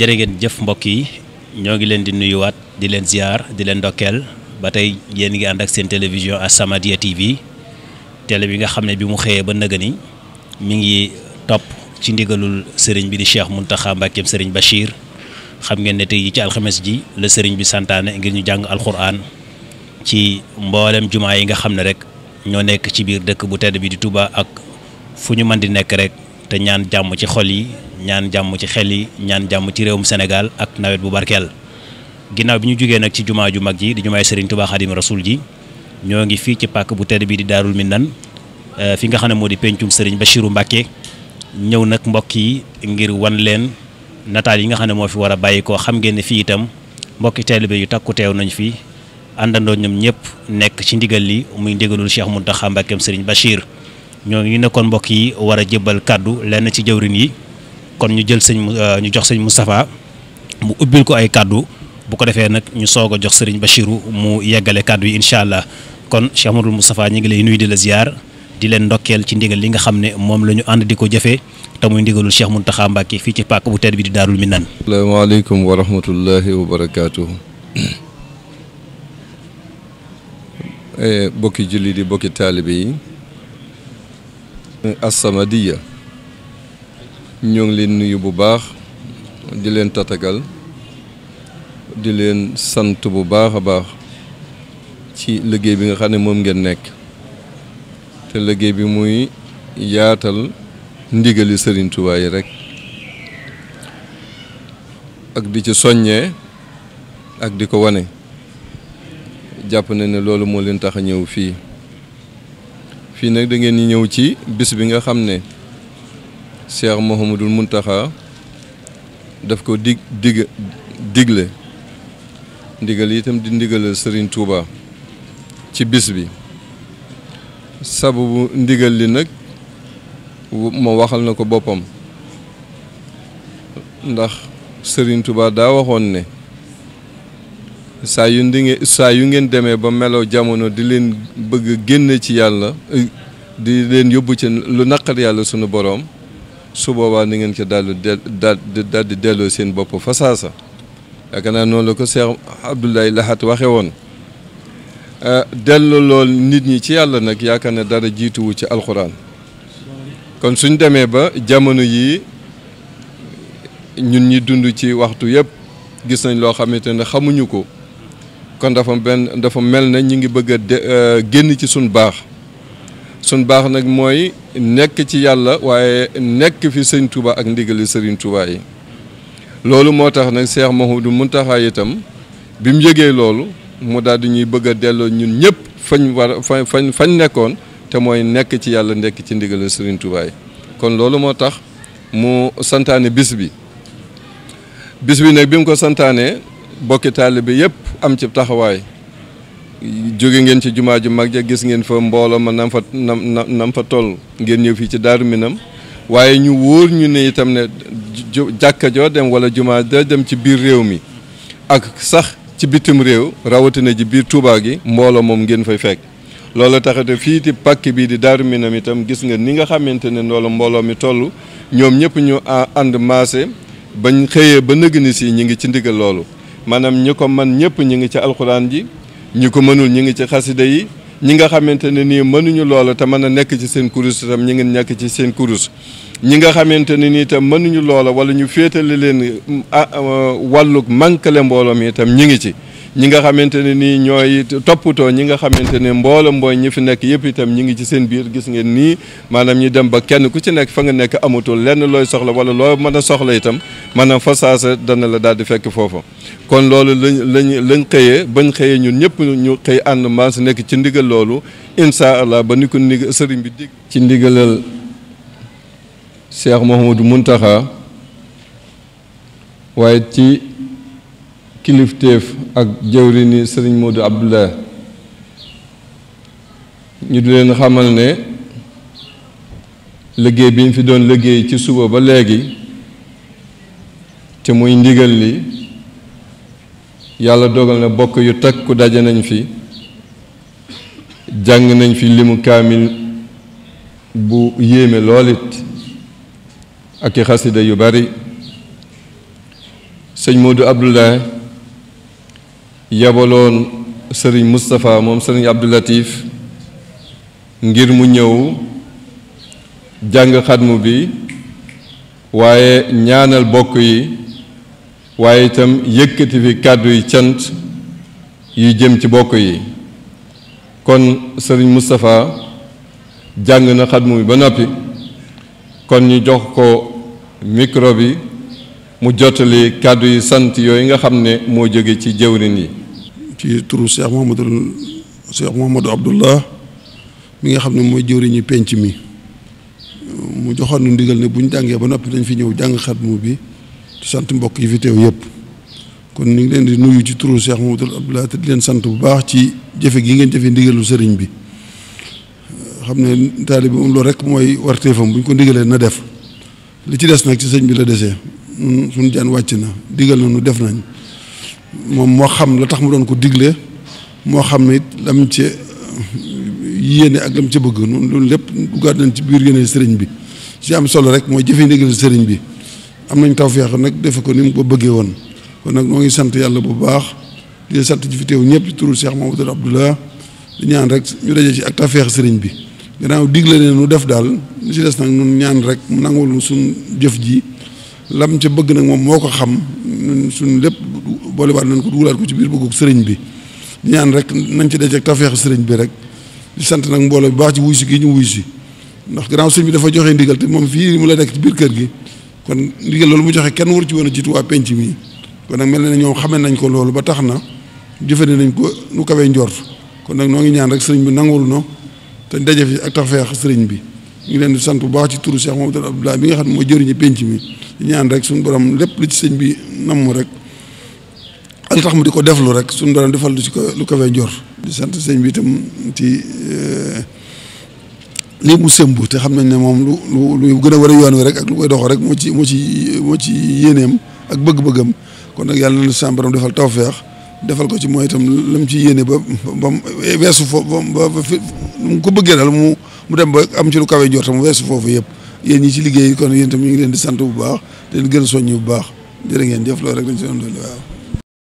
jërë ngeen jëf mbokk yi ñoo ngi leen di nuyuwaat di leen ziar di leen ndokkeel ba tey yéen ngi ànd ak seen télévision As-Samadiyya TV télé bi nga xam ne bi mu xëyee ba nëga ni mi ngi topp ci ndigalul sëriñ bi di Cheikh Mountakha Mbackeem sëriñ Bachir xam ngeen ne tey ci alxames ji la sëriñ bi santaane ngir ñu jàng alxuraan ci mboolem jumaa yi nga xam ne rek ñoo nekk ci biir dëkk bu tedd bi di Touba ak fu ñu mën di nekk rek te ñaan jàmm ci xol yi ñaan jàmm ci xel yi ñaan jàmm ci réewum senegaal ak nawet bu barkeel ginnaaw bi ñu jógee nag ci jumaa ju mag ji di jumaay Serigne Touba Xadim Rasoul ji ñoo ngi fii ci pàkk bu tedd bi di Daarul Minnan eh, fi nga xam ne moo di pencum Serigne Bachirou Mbacke ñëw nag mbokk yi ngir wan leen nataal yi nga xam ne moo fi war a bàyyi koo xam ngeen ne fii itam mbokki taalibe yu takku teew nañ fi àndandoo ñoom ñëpp nekk ci ndigal li muy ndigalul Cheikh Mountakha Mbackeem Serigne Bachir. ñoo ñu kon mbokk yi war a jébbal kàddu lenn ci jëwrin yi kon ñu jël sëñ euh, ñu jox sëñ Moustapha mu ubbil ko ay kàddu bu ko defee nag ñu soog a jox sëriñ Bachirou mu yeggale kàddu yi incha allah kon Cheikh Amadou ñu ngi lay nuyu di la di leen ndokkeel ci ndigal li nga xam ne moom la ñu ànd di ko jëfee te muy ndigalul Cheikh Mountakha Mbacké fii ci pàkk bu tedd bi di Daarul Minaan. asalaamaaleykum wa rahmatullahi wa barakaatu. Eh, bokki julli di bokki taalibe yi. Assamadiya ñoo ngi leen nuyu bu baax di leen tatagal di leen sant bu baax a baax ci liggéey bi nga xam ne moom ngeen nekk te liggéey bi muy yaatal ndigali Sëriñ Tuubaa yi ak di ci soññee ak di ko wane jàpp na ne loolu moo leen tax a ñëw fii fii nag da ngeen ñëw ci bis bi nga xam ne Cheikh Mouhamadul Mountakha daf ko dig dig digle ndigal itam di ndigalal sëriñ Touba ci bis bi sababu ndigal li nag ma waxal na ko boppam ndax sëriñ Touba daa waxoon ne saa yu ndi saa yu ngeen demee ba meloo jamono di leen bëgg génn ci yàlla di leen yóbbu ci lu naqar yàlla sunu boroom su boobaa ni ngeen ko daldi delloo seen bopp fasaasa yaakaar naa noonu la ko Cheikh Abdoulaye laxaat waxe woon eh, dellu lool nit ñi ci yàlla nag yaakaar ne dara jiituwu ci alxuraan kon suñ demee ba jamono yii ñun ñi dund ci waxtu yëpp gis nañ loo xamante ne xamuñu ko kon dafa benn dafa mel na ñu ngi bëgg a eh, génn ci suñu baax sun baax nag mooy nekk ci yàlla waaye nekk fi sëñ Touba ak ndigali sëriñ Touba yi loolu moo tax nag Cheikh Mouhamadou Mountakha itam bi mu jegee loolu mu daal di ñuy bëgg a delloo ñun ñëpp fañ fañ nekkoon te mooy nekk ci yàlla nekk ci ndigale sëriñ Touba yi kon loolu moo tax mu santaane bis bi bis bi nag bi mu ko santaanee bokki taalibe bi yëpp am ci taxawaay jóge ngeen ci jumaa ju mag ja gis ngeen fa mbooloo ma nam fa nam nam fa toll ngeen ñëw fii ci Daaru Minam waaye ñu wóor ñu ni itam ne jàkka joo dem wala jumaa da dem ci biir réew mi ak sax ci bitim réew rawatina ji biir Touba gi mbooloo moom ngeen fay fekk loolu taxate fii di pàkk bii di Daaru Minam itam gis nga ni nga xamante ne ndoolu mbooloo mi toll ñoom ñëpp ñu ànd maase bañ xëyee ba nëg ni si ñi ngi ci ndigal loolu maanaam ñi ko man ñëpp ñu ngi ci alxuraan ji ñi ko mënul ñi ngi ci xasida yi ñi nga xamante ne nii mënuñu loola te mën a nekk ci seen kurus itam ñi nekk ci seen kurus ñi nga xamante ne nii itam mënuñu loola wala ñu féetale leen wàllug mankale mbooloo mi itam ñi ngi ci ñi nga xamante ne nii ñooy toppatoo ñi nga xamante ne mbooloo mbooy ñi fi nekk yëpp itam ñi ngi ci seen biir gis ngeen nii maanaam ñi dem ba kenn ku ci nekk fa nga nekk amatul lenn looy soxla wala loo mën a soxla itam maanaam fa saasa dana la daal di fekk foofa kon loolu lañ lañ lañ xëyee bañ xëyee ñun ñëpp ñu xëy ànd maas nekk ci ndigal loolu incha allah ba ni ko ndigal sëriñ bi dig ci ndigalal Cheikh Mouhamadou Mountakha waaye ci kilifteef ak jëwri ni sëriñ Modou Abdoulaye ñu di leen xamal ne liggéey bi ñu fi doon liggéey ci suba ba léegi ci muy ndigal li yàlla dogal na bokk yu takku daje nañu fi jàng nañ fi limu kaamil bu yéeme lool it ak i xasida yu bari sëñ Modou Abdoulaye yabaloon sëriñ Moustapha moom sëriñ Abdou ngir mu ñëw jàng xatmu bi waaye ñaanal bokk yi waaye itam yëkkati fi kàddu yi cant yu jëm ci bokk yi kon sëriñ Moustapha jàng na xatmu bi ba noppi kon ñu jox ko micro bi mu jottali kàddu yi sant yooyu nga xam ne moo jóge ci jëwrin yi ci turu Cheikh Mouhamadou Cheikh Mouhamadou Abdullah mi nga xam ne mooy jëwriñ jëwriñu penc mi mu joxoon nu ndigal ne bu ñu jàngee ba noppi dañ fi ñëw jàng xatmu bi di sant mbokk yi fi teew yëpp kon ñu ngi leen di nuyu ci turu Cheikh Mamadou Abdoulaye te di leen sant bu baax ci jëfe gi ngeen jëfe ndigalu sëriñ bi xam ne taalibe moom loolu rek mooy warteefam bu ñu ko ndigalee na def li ci des nag ci sëñ bi la desee suñu jaan wàcc na digal na nu def nañ moom moo xam la tax mu doon ko digle moo xam ne it lam ci yéene ak lam ci bëgg noonu loolu lépp duggaat nañ ci biir yéene sëriñ bi ci am solo rek mooy jëfe ndigalu sëriñ bi am nañ tawféex nag defe ko ni mu ko bëggee woon kon nag noo ngi sant yàlla bu baax di sant ci fi teew ñëpp ci turu Cheikh Mamadou Abdoulah di ñaan rek ñu daje ci ak tawféex seriñ bi gannaaw digle ne nu def daal ñu si des ñaan rek mu nangul jëf ji lam ca bëgg nag moom moo ko xam ñun lépp boolewaat nañ ko dugalaat ko ci biir bëggug sëriñ bi ñaan rek nañ ci daje ak tawféex sëriñ bi rek sant nag mbooloo bu baax ci wuy si gi ñu wuy si ndax gannaaw sëriñ bi dafa joxe ndigal te moom fii mu la nekk ci biir kër gi kon ndigal loolu mu joxe kenn waru ci woon a jiitu waa penc mi kon nag mel na ne ñoom xame nañ ko loolu ba tax na jëfe nañ ko lu kawee njort kon nag noo ngi ñaan rek sëriñ bi nangul no te daje fi ak tafeex sëriñ bi ñu leen di sant bu baax ci turu Cheikh Mamadou Abdoulaye bi nga xam ne mooy jëriñu penc mi ñaan rek suñu borom lépp lu ci sëñ bi namm rek al tax mu di ko deflu rek suñu borom defal lu ci ko lu kawee njort di sant sëñ bi itam ci euh, lii mu sembu te xam nañ ne moom lu lu lu gën a war a yoon wi rek ak lu koy doxo rek moo ci moo ci moo ci yéeneem ak bëgg-bëggam kon nag yàlla na sàmm borom defal tawfeex defal ko ci mooy itam lu mu ci yéene ba ba mu weesu foofu ba ba fi mu ko bëggee daal mu mu dem ba am ci lu kawe njortam weesu foofu yëpp yéen ñi ci liggéey kon yéen itam ñu ngi leen di sant bu baax te leen gën a bu baax jërë ngeen jëf loo rek lañ ci doon waaw